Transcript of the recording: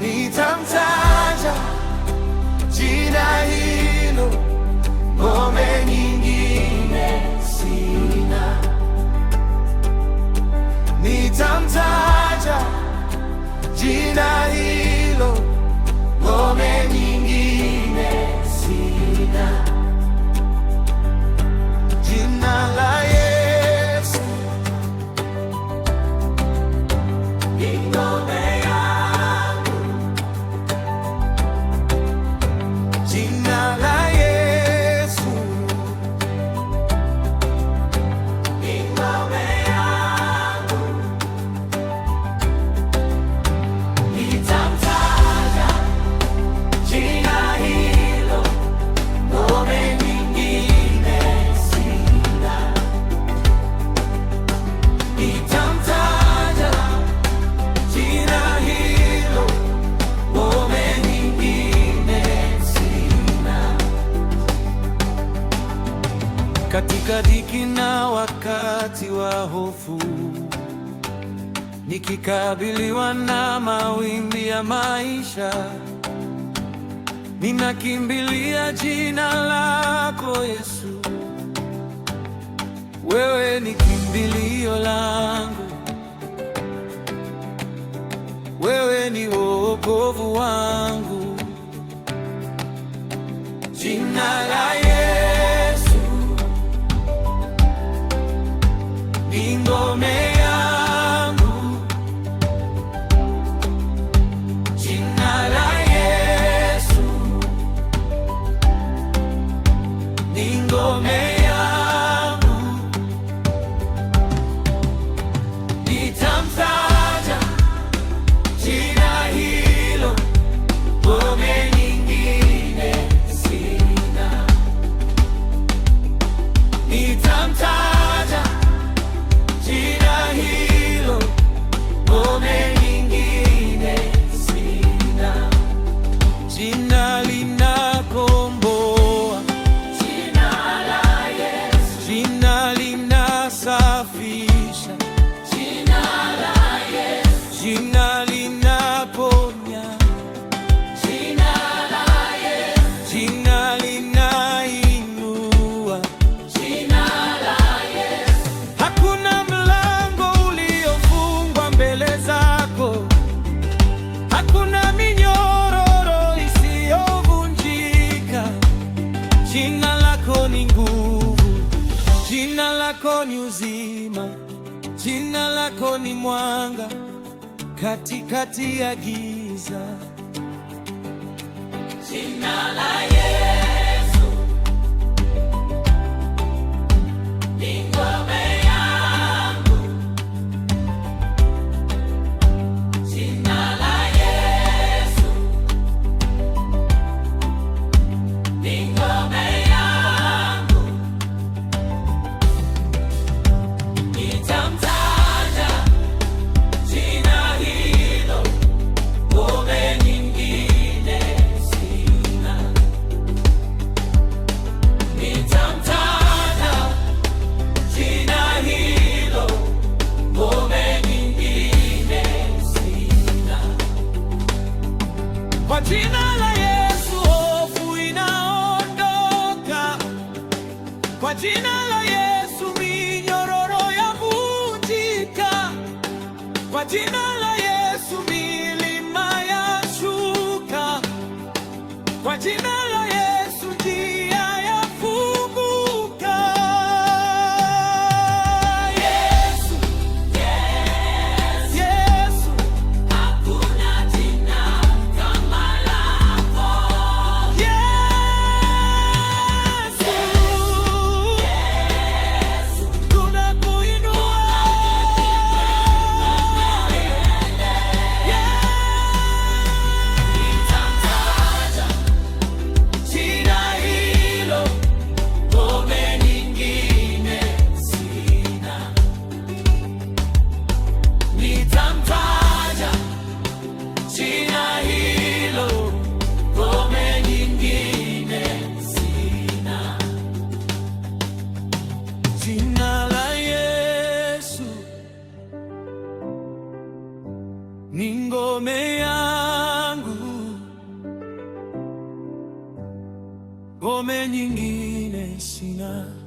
你躺在。katika dhiki na wakati wa hofu, nikikabiliwa na mawimbi ya maisha, ninakimbilia jina lako Yesu. Wewe ni kimbilio langu, wewe ni wokovu wangu, jina jina linakomboa, jina la Yesu, jina linasafisha, jina la Yesu, jina lako ni uzima, jina lako ni mwanga katikati ya giza. Jina la jina la Yesu hofu inaondoka, kwa jina la Yesu minyororo yavunjika, kwa jina ni ngome yangu, ngome nyingine sina.